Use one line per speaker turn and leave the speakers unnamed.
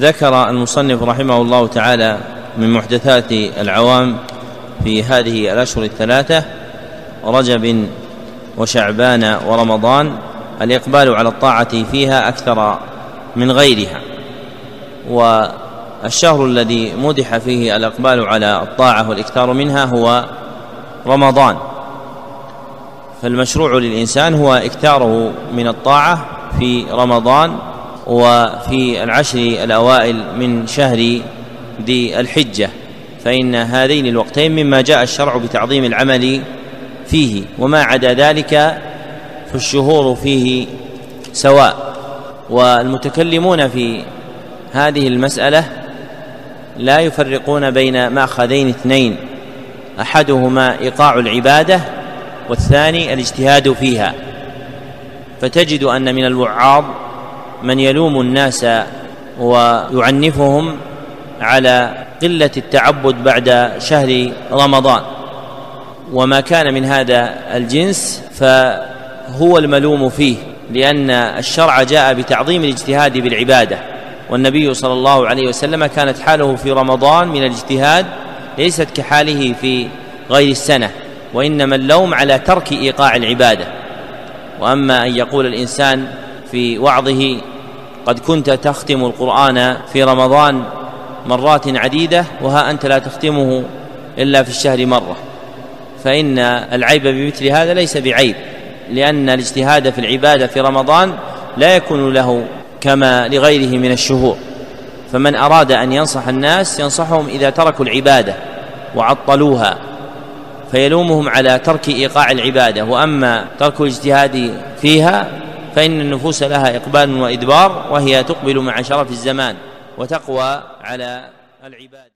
ذكر المصنف رحمه الله تعالى من محدثات العوام في هذه الأشهر الثلاثة رجب وشعبان ورمضان الإقبال على الطاعة فيها أكثر من غيرها والشهر الذي مدح فيه الإقبال على الطاعة والإكثار منها هو رمضان فالمشروع للإنسان هو إكثاره من الطاعة في رمضان وفي العشر الاوائل من شهر ذي الحجه فان هذين الوقتين مما جاء الشرع بتعظيم العمل فيه وما عدا ذلك فالشهور فيه سواء والمتكلمون في هذه المساله لا يفرقون بين ماخذين اثنين احدهما ايقاع العباده والثاني الاجتهاد فيها فتجد ان من الوعاظ من يلوم الناس ويعنفهم على قله التعبد بعد شهر رمضان وما كان من هذا الجنس فهو الملوم فيه لان الشرع جاء بتعظيم الاجتهاد بالعباده والنبي صلى الله عليه وسلم كانت حاله في رمضان من الاجتهاد ليست كحاله في غير السنه وانما اللوم على ترك ايقاع العباده واما ان يقول الانسان في وعظه قد كنت تختم القرآن في رمضان مرات عديدة وها أنت لا تختمه إلا في الشهر مرة فإن العيب بمثل هذا ليس بعيب لأن الاجتهاد في العبادة في رمضان لا يكون له كما لغيره من الشهور فمن أراد أن ينصح الناس ينصحهم إذا تركوا العبادة وعطلوها فيلومهم على ترك إيقاع العبادة وأما ترك الاجتهاد فيها فإن النفوس لها إقبال وإدبار وهي تقبل مع شرف الزمان وتقوى على العباد